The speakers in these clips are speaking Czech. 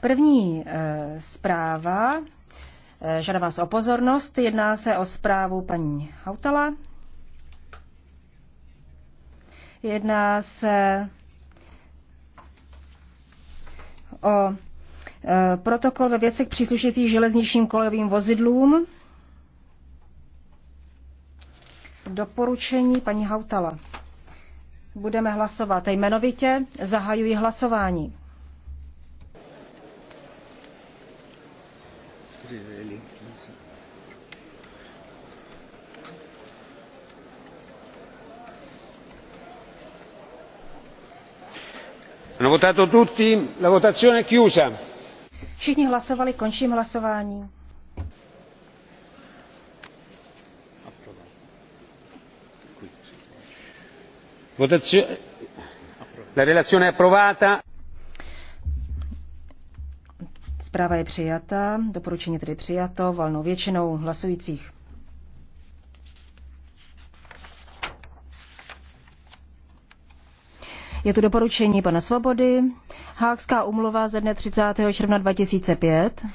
První eh, zpráva, eh, žádám vás o pozornost, jedná se o zprávu paní Hautala. Jedná se o eh, protokol ve věcech příslušejících železničním kolejovým vozidlům. Doporučení paní Hautala. Budeme hlasovat jmenovitě. Zahajuji hlasování. Hanno votato tutti, la votazione è chiusa. Všichni hlasovali, končím hlasování. La relazione è approvata. Zpráva je přijata, doporučení tedy přijato valnou většinou hlasujících. Je tu doporučení pana Svobody, Hákská umluva ze dne 30. června 2005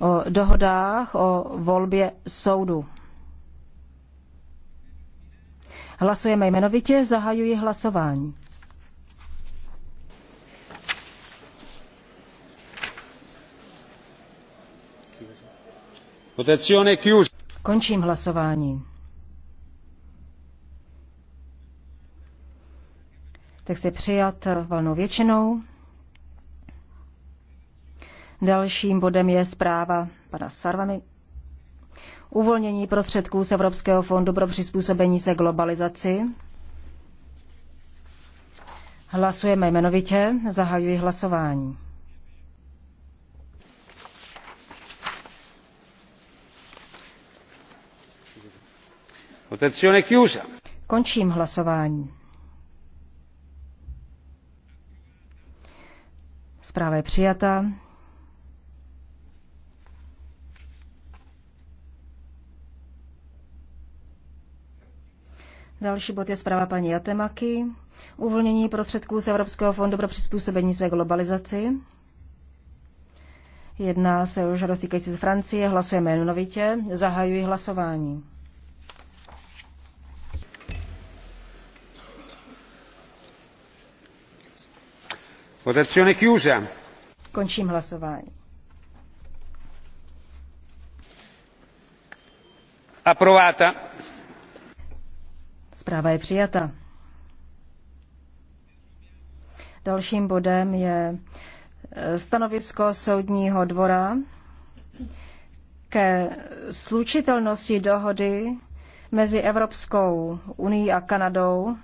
o dohodách o volbě soudu. Hlasujeme jmenovitě, zahajuji hlasování. Končím hlasování. Tak se přijat valnou většinou. Dalším bodem je zpráva pana Sarvany. Uvolnění prostředků z Evropského fondu pro přizpůsobení se globalizaci. Hlasujeme jmenovitě, zahajuji hlasování. Votazione chiusa. Končím hlasování. Zpráva je přijata. Další bod je zpráva paní Jatemaky. Uvolnění prostředků z Evropského fondu pro přizpůsobení se globalizaci. Jedná se o žádost týkající z Francie. Hlasujeme jmenovitě. Zahajuji hlasování. Votazione chiusa. Končím hlasování. Approvata. Zpráva je přijata. Dalším bodem je eh, stanovisko Soudního dvora ke slučitelnosti dohody mezi Evropskou unii a Kanadou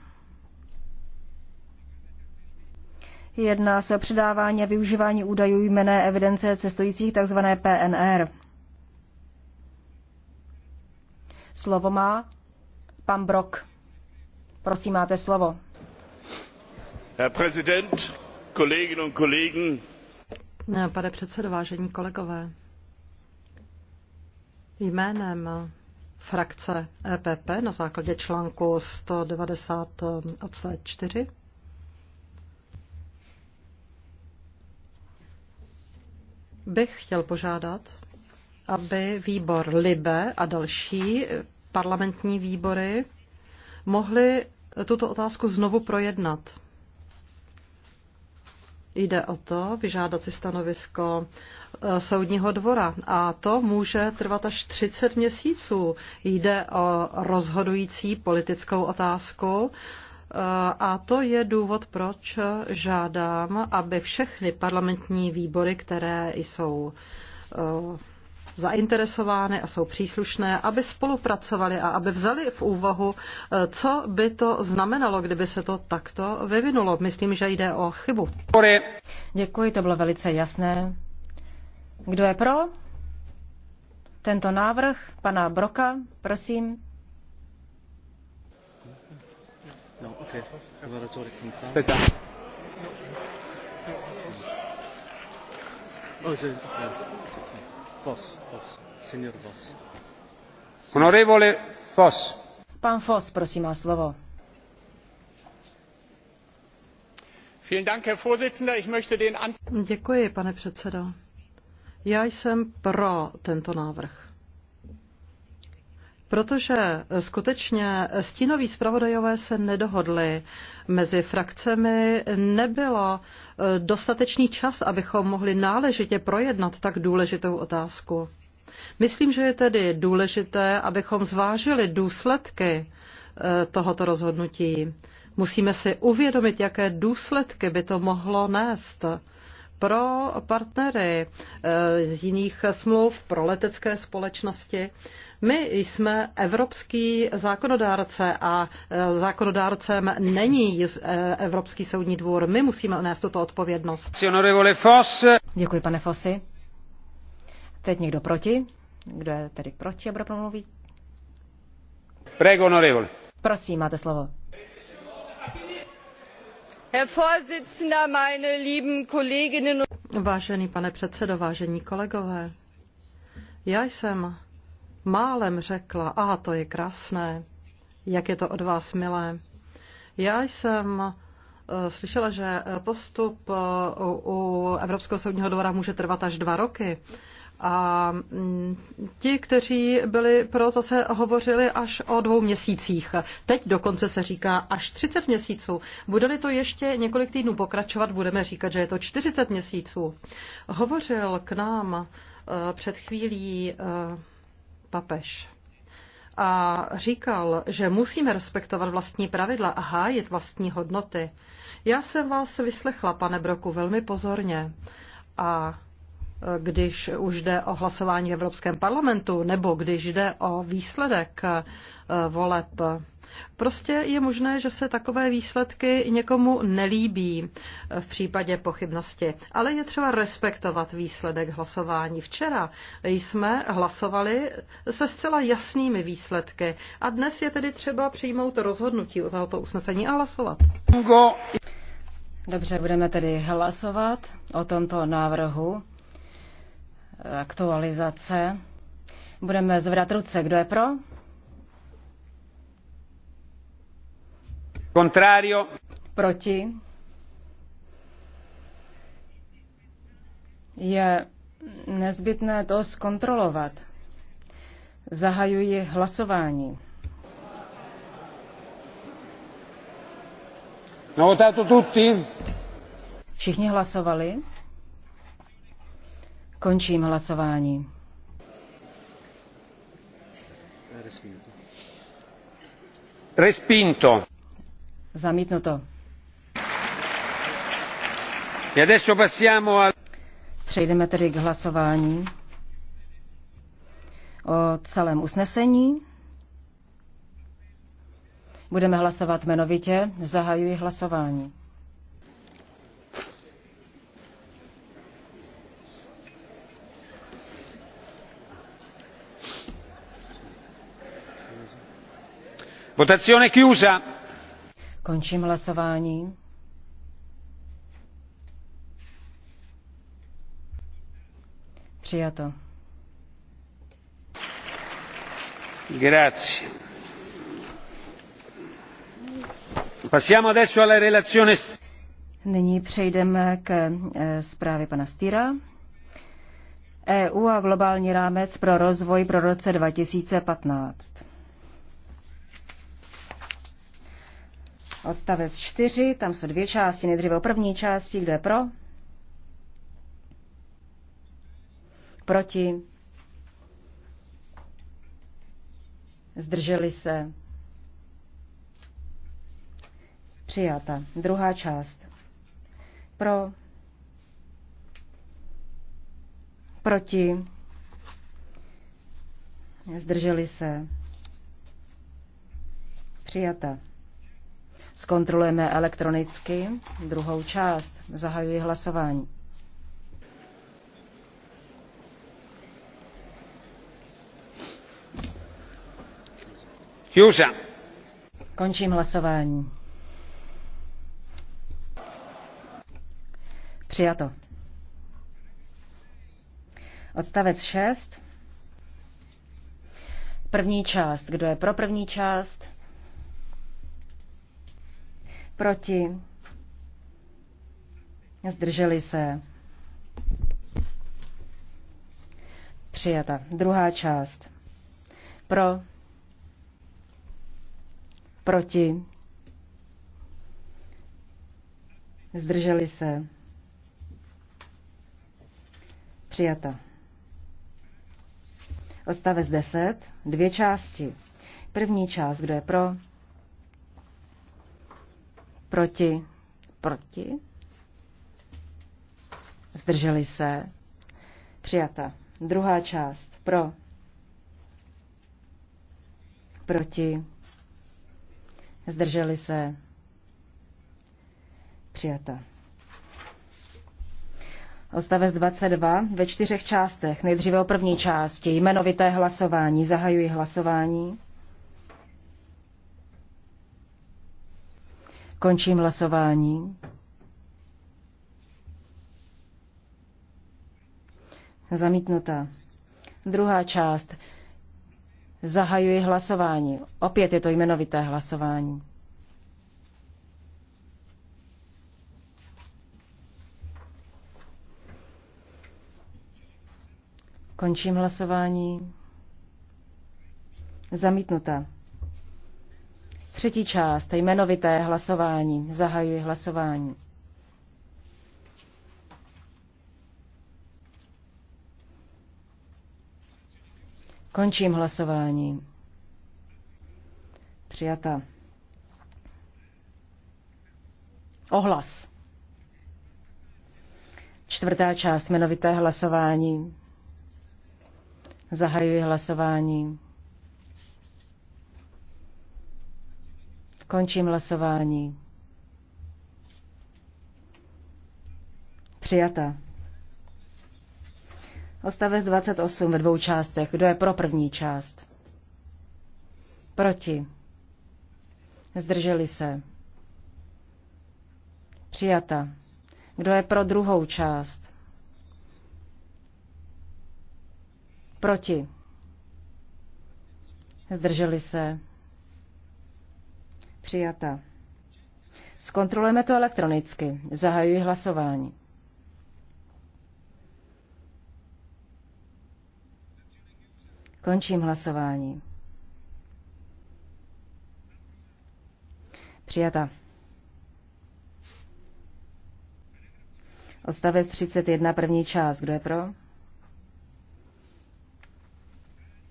Jedná se o předávání a využívání údajů jmené evidence cestujících, tzv. PNR. Slovo má pan Brok. Prosím, máte slovo. Herr Präsident, Kolleginnen und Kollegen. Pane předsedo, vážení kolegové, jménem frakce EPP na základě článku 190 obsah 4 bych chtěl požádat, aby výbor LIBE a další parlamentní výbory mohly tuto otázku znovu projednat. Jde o to vyžádat si stanovisko e, soudního dvora a to může trvat až 30 měsíců. Jde o rozhodující politickou otázku a to je důvod, proč žádám, aby všechny parlamentní výbory, které jsou eh, zainteresovány a jsou příslušné, aby spolupracovali a aby vzali v úvahu, eh, co by to znamenalo, kdyby se to takto vyvinulo. Myslím, že jde o chybu. Děkuji, to bylo velice jasné. Kdo je pro? Tento návrh pana Broka, prosím. Honorevole oh, Foss. Pan Foss, prosím, má slovo. Děkuji, pane předsedo. Já jsem pro tento návrh. Protože skutečně stínoví zpravodajové se nedohodli mezi frakcemi, nebylo eh, dostatečný čas, abychom mohli náležitě projednat tak důležitou otázku. Myslím, že je tedy důležité, abychom zvážili důsledky eh, tohoto rozhodnutí. Musíme si uvědomit, jaké důsledky by to mohlo nést pro partnery eh, z jiných smluv, pro letecké společnosti. My jsme evropský zákonodárce a e, zákonodárcem není e, Evropský soudní dvůr. My musíme nést tuto odpovědnost. Děkuji, pane Fossi. Teď někdo proti? Kdo je tedy proti, aby promluví? Prego, honorevole. Prosím, máte slovo. Herr Vorsitzender, meine lieben Kolleginnen Vážený pane předsedo, vážení kolegové, já jsem málem řekla, a ah, to je krásné, jak je to od vás milé. Já jsem e, slyšela, že postup e, u Evropského soudního dvora může trvat až dva roky. A mm, ti, kteří byli pro, zase hovořili až o dvou měsících. Teď dokonce se říká až 30 měsíců. Bude-li to ještě několik týdnů pokračovat, budeme říkat, že je to 40 měsíců. Hovořil k nám e, před chvílí papež a říkal, že musíme respektovat vlastní pravidla a hájit vlastní hodnoty. Já jsem vás vyslechla, pane Broku, velmi pozorně a když už jde o hlasování v Evropském parlamentu nebo když jde o výsledek eh, voleb. Prostě je možné, že se takové výsledky někomu nelíbí eh, v případě pochybnosti, ale je třeba respektovat výsledek hlasování. Včera jsme hlasovali se zcela jasnými výsledky a dnes je tedy třeba přijmout rozhodnutí o tohoto usnesení a hlasovat. Dobře, budeme tedy hlasovat o tomto návrhu aktualizace. Budeme zvedat ruce. Kdo je pro? Contrario. Proti. Je nezbytné to zkontrolovat. Zahajuji hlasování. Všichni hlasovali? Končím hlasování. Respinto. Zamítnuto. E Přejdeme tedy k hlasování o celém usnesení. Budeme hlasovat jmenovitě. Zahajuji hlasování. Votazione chiusa. Končím hlasování. Přijato. Grazie. Passiamo adesso alla relazione. Nyní přejdeme k eh, zprávě pana Stýra. EU a globální rámec pro rozvoj pro roce 2015. Odstavec 4, tam jsou dvě části. Nejdříve o první části, kdo je pro? Proti? Zdrželi se? Přijata. Druhá část. Pro? Proti? Zdrželi se? Přijata. Zkontrolujeme elektronicky druhou část. Zahajuji hlasování. Juža. Končím hlasování. Přijato. Odstavec 6. První část. Kdo je pro první část? proti, zdrželi se, přijata. Druhá část, pro, proti, zdrželi se, přijata. Odstavec 10, dvě části. První část, kdo je pro, proti, proti, zdrželi se, přijata. Druhá část, pro, proti, zdrželi se, přijata. Odstavec 22 ve čtyřech částech. Nejdříve o první části. Jmenovité hlasování. Zahajuji hlasování. Končím hlasování. Zamítnutá. Druhá část. Zahajuji hlasování. Opět je to jmenovité hlasování. Končím hlasování. Zamítnuta. Třetí část, jmenovité hlasování. Zahajuji hlasování. Končím hlasování. Přijata. Ohlas. Čtvrtá část jmenovité hlasování. Zahajuji hlasování. Končím hlasování. Přijata. Odstavec 28 ve dvou částech. Kdo je pro první část? Proti. Zdrželi se. Přijata. Kdo je pro druhou část? Proti. Zdrželi se. Přijata. Zkontrolujeme to elektronicky. Zahajuji hlasování. Končím hlasování. Přijata. Odstavec 31, první část. Kdo je pro?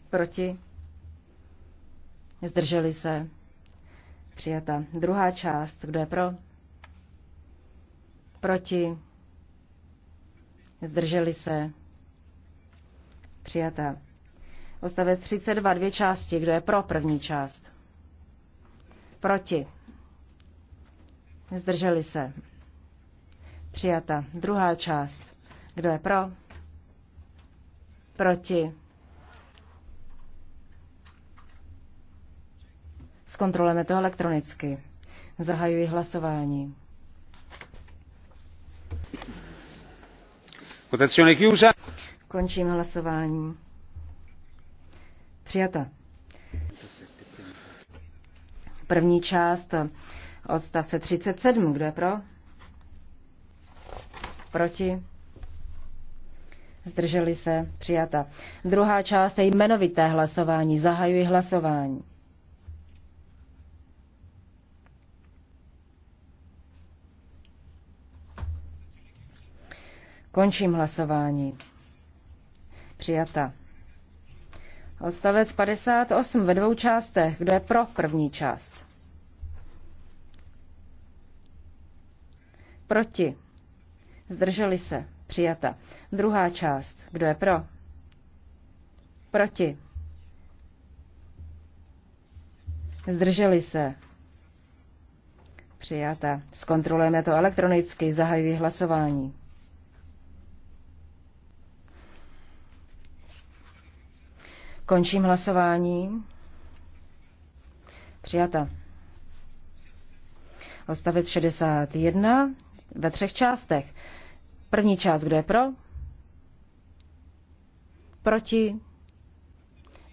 Proti? Zdrželi se? Přijata. Druhá část. Kdo je pro? Proti? Zdrželi se? Přijata. Odstavec 32, dvě části. Kdo je pro první část? Proti. Zdrželi se. Přijata. Druhá část. Kdo je pro? Proti. Zkontrolujeme to elektronicky. Zahajuji hlasování. Votazione chiusa. Končím hlasování. Přijata. První část odstavce 37. Kdo je pro? Proti? Zdrželi se? Přijata. Druhá část je jmenovité hlasování. Zahajuji hlasování. Končím hlasování. Přijata. Odstavec 58 ve dvou částech. Kdo je pro první část? Proti. Zdrželi se. Přijata. Druhá část. Kdo je pro? Proti. Zdrželi se. Přijata. Zkontrolujeme to elektronicky. Zahajuji hlasování. Končím hlasování. Přijata. Odstavec 61 ve třech částech. První část, kdo je pro? Proti?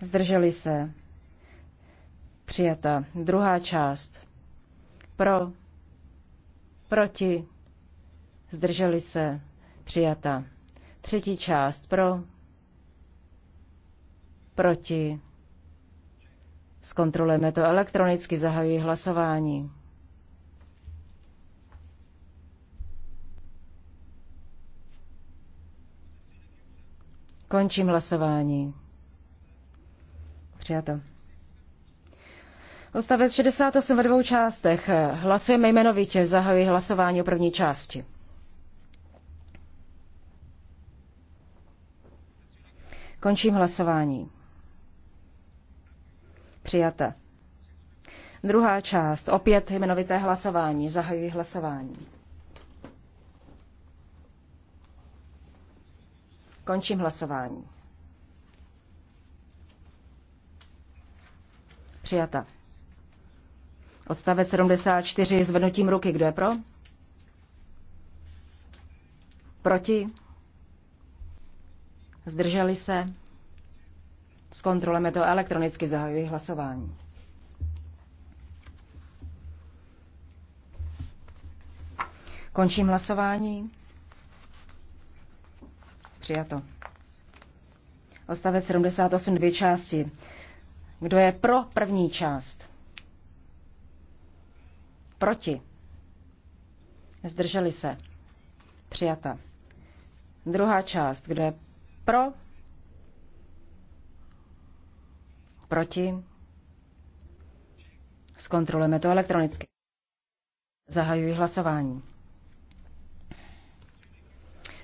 Zdrželi se. Přijata. Druhá část. Pro. Proti. Zdrželi se. Přijata. Třetí část. Pro proti. Zkontrolujeme to elektronicky, zahajuji hlasování. Končím hlasování. Přijato. Odstavec 68 ve dvou částech. Hlasujeme jmenovitě. Zahajuji hlasování o první části. Končím hlasování. Přijata. Druhá část. Opět jmenovité hlasování. Zahajuji hlasování. Končím hlasování. Přijata. Odstavec 74 vrnutím ruky. Kdo je pro? Proti? Zdrželi se? Zkontrolujeme to elektronicky, zahajuji hlasování. Končím hlasování. Přijato. Ostavec 78 dvě části. Kdo je pro první část? Proti. Zdrželi se. Přijata. Druhá část. Kdo je pro? Proti? Zkontrolujeme to elektronicky. Zahajuji hlasování.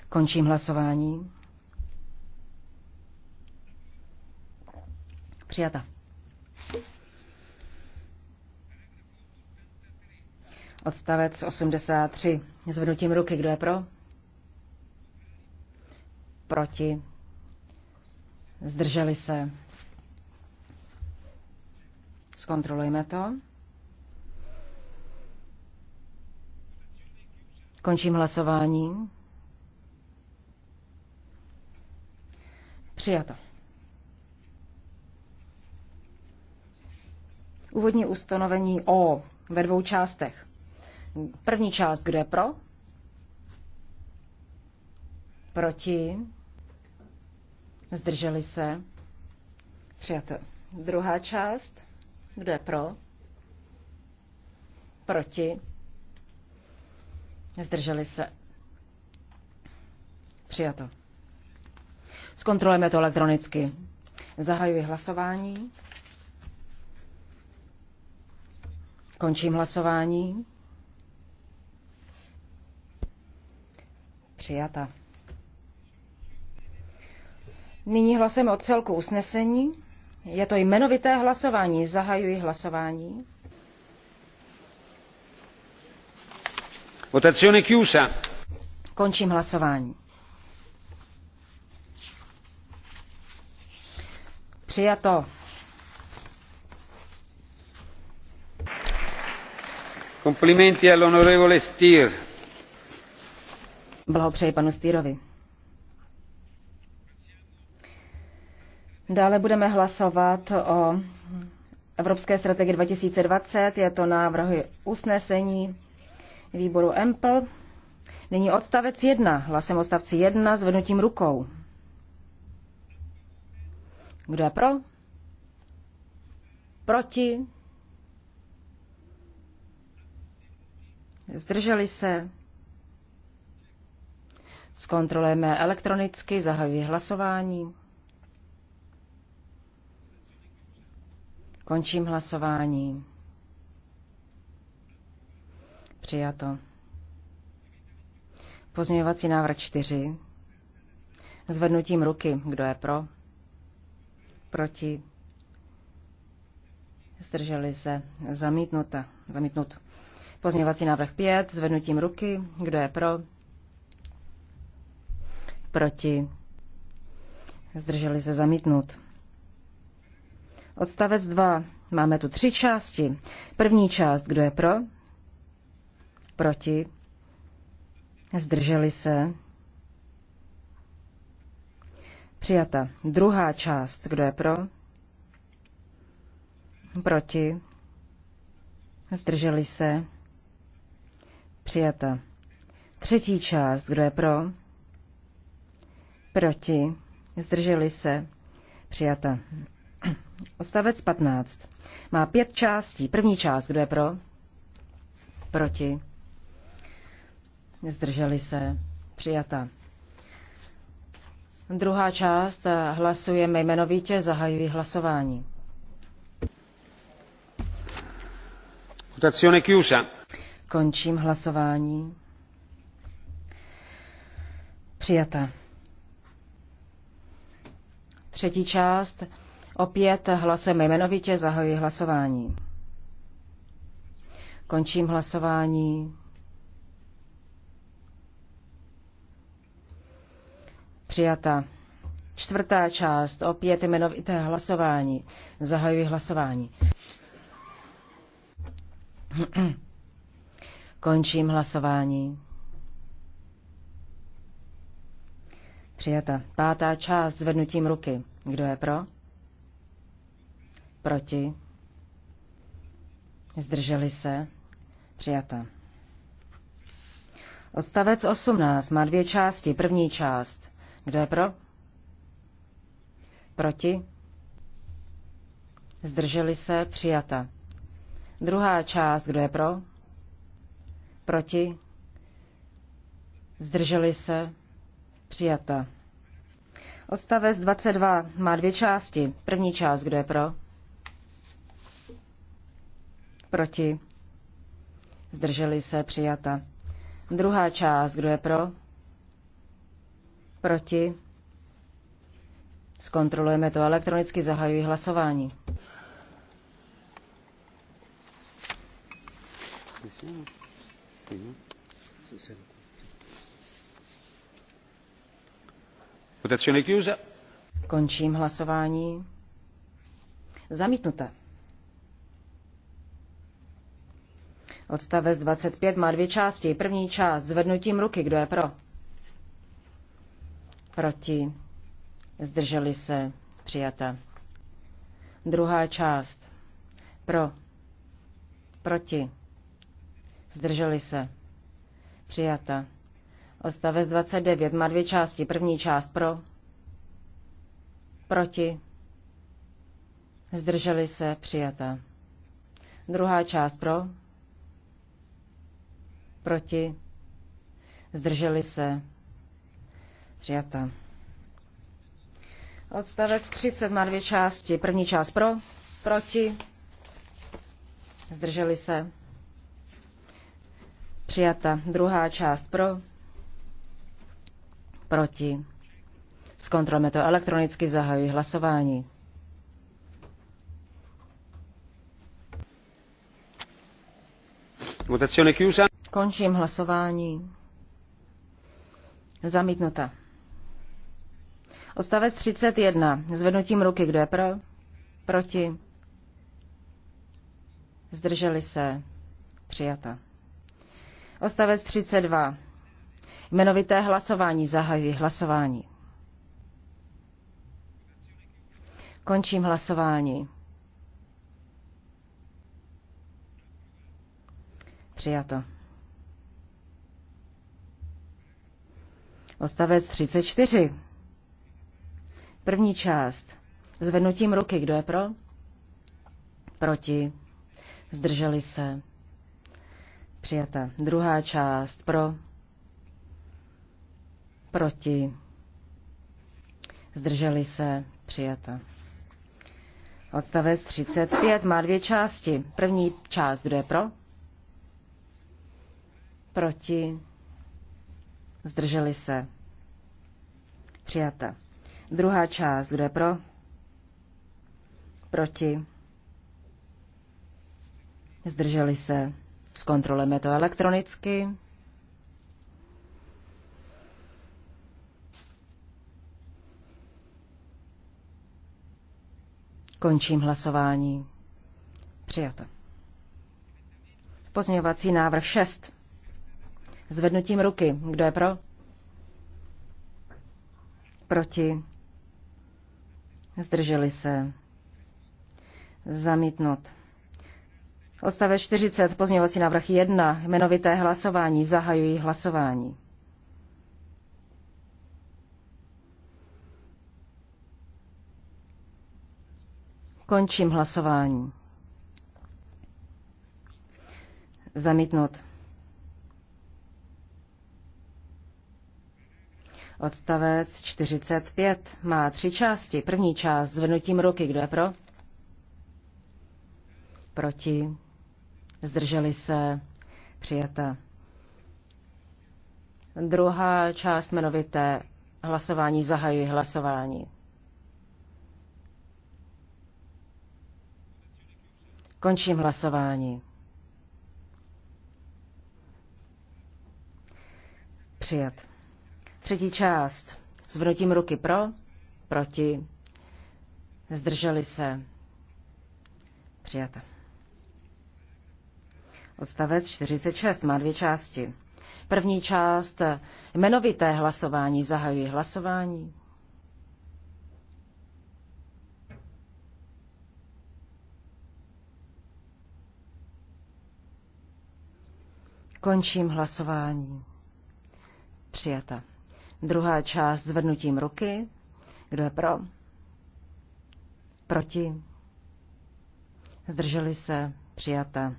Končím hlasování. Přijata. Odstavec 83. Zvednutím ruky. Kdo je pro? Proti. Zdrželi se. Zkontrolujeme to. Končím hlasování. Přijato. Úvodní ustanovení O ve dvou částech. První část, kdo je pro? Proti? Zdrželi se? Přijato. Druhá část. Kdo je pro? Proti? Zdrželi se. Přijato. Zkontrolujeme to elektronicky. Zahajuji hlasování. Končím hlasování. Přijata. Nyní hlasujeme o celku usnesení. Je to jmenovité hlasování. Zahajuji hlasování. Votazione chiusa. Končím hlasování. Přijato. Complimenti all'onorevole Stier. Blahopřeji panu Stierovi. Dále budeme hlasovat o Evropské strategii 2020. Je to návrhy usnesení výboru EMPL. Nyní odstavec 1. Hlasem odstavci 1 zvednutím rukou. Kdo je pro? Proti? Zdrželi se? Zkontrolujeme elektronicky, zahajuji hlasování. Končím hlasování. Přijato. Pozměňovací návrh 4. Zvednutím ruky. Kdo je pro? Proti? Zdrželi se. Zamítnuta. Zamítnut. Pozměňovací návrh 5. Zvednutím ruky. Kdo je pro? Proti? Zdrželi se. Zamítnut. Odstavec 2. Máme tu tři části. První část, kdo je pro? Proti? Zdrželi se? Přijata. Druhá část, kdo je pro? Proti? Zdrželi se? Přijata. Třetí část, kdo je pro? Proti? Zdrželi se? Přijata. Ostavec 15. Má pět částí. První část, kdo je pro? Proti. Zdrželi se. Přijata. Druhá část. Hlasujeme jmenovitě. Zahajují hlasování. Votazione chiusa. Končím hlasování. Přijata. Třetí část. Opět hlasujeme jmenovitě, zahajuji hlasování. Končím hlasování. Přijata. Čtvrtá část, opět jmenovité hlasování. Zahajuji hlasování. Končím hlasování. Přijata. Pátá část zvednutím ruky. Kdo je pro? Proti? Zdrželi se? Přijata. Odstavec 18 má dvě části. První část. Kdo je pro? Proti? Zdrželi se? Přijata. Druhá část. Kdo je pro? Proti? Zdrželi se? Přijata. Odstavec 22 má dvě části. První část. Kdo je pro? Proti? Zdrželi se přijata. Druhá část, kdo je pro? Proti? Zkontrolujeme to elektronicky, zahajují hlasování. Končím hlasování. Zamítnuté. Odstavec 25 má dvě části. První část zvednutím ruky. Kdo je pro? Proti. Zdrželi se. Přijata. Druhá část. Pro. Proti. Zdrželi se. Přijata. Odstavec 29 má dvě části. První část pro. Proti. Zdrželi se. Přijata. Druhá část pro proti, zdrželi se, přijata. Odstavec 30 má dvě části. První část pro, proti, zdrželi se, přijata. Druhá část pro, proti. Zkontrolujeme to elektronicky, zahajuji hlasování. Votazione chiusa. Končím hlasování. Zamítnuta. Odstavec 31. Zvednutím ruky. Kdo je pro? Proti? Zdrželi se. Přijata. Odstavec 32. Jmenovité hlasování. Zahajuji hlasování. Končím hlasování. Přijato. Odstavec 34. První část. Zvednutím ruky. Kdo je pro? Proti. Zdrželi se. Přijata. Druhá část. Pro. Proti. Zdrželi se. Přijata. Odstavec 35 má dvě části. První část. Kdo je pro? Proti Zdrželi se. Přijata. Druhá část. Kdo je pro? Proti? Zdrželi se. Zkontrolujeme to elektronicky. Končím hlasování. Přijata. Pozměňovací návrh 6 zvednutím ruky. Kdo je pro? Proti? Zdrželi se. Zamítnut. Odstavec 40, pozněvací návrh 1, jmenovité hlasování, zahajují hlasování. Končím hlasování. Zamítnut. Odstavec 45 má tři části. První část zvednutím ruky. Kdo je pro? Proti? Zdrželi se? Přijata. Druhá část jmenovité hlasování zahajuji hlasování. Končím hlasování. Přijat. Třetí část. Zvrotím ruky pro, proti, zdrželi se, přijata. Odstavec 46 má dvě části. První část jmenovité hlasování. Zahajuji hlasování. Končím hlasování. Přijata. Druhá část zvednutím ruky. Kdo je pro? Proti? Zdrželi se? Přijata.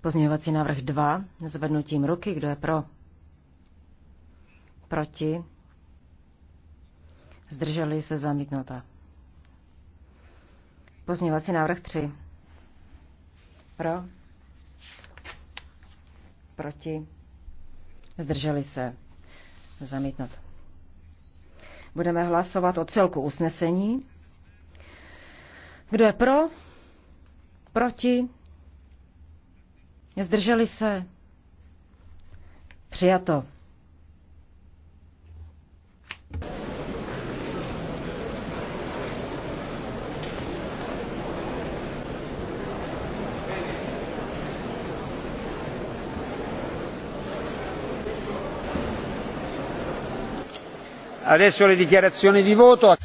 Pozměňovací návrh 2. Zvednutím ruky. Kdo je pro? Proti? Zdrželi se Zamítnuté. Pozměňovací návrh 3. Pro? Proti? Zdrželi se. Zamítnout. Budeme hlasovat o celku usnesení. Kdo je pro? Proti? Zdrželi se? Přijato.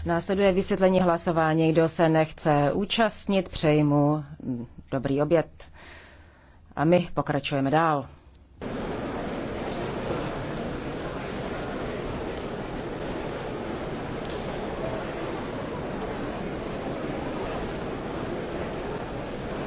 Následuje vysvětlení hlasování. Kdo se nechce účastnit, přejmu dobrý oběd. A my pokračujeme dál.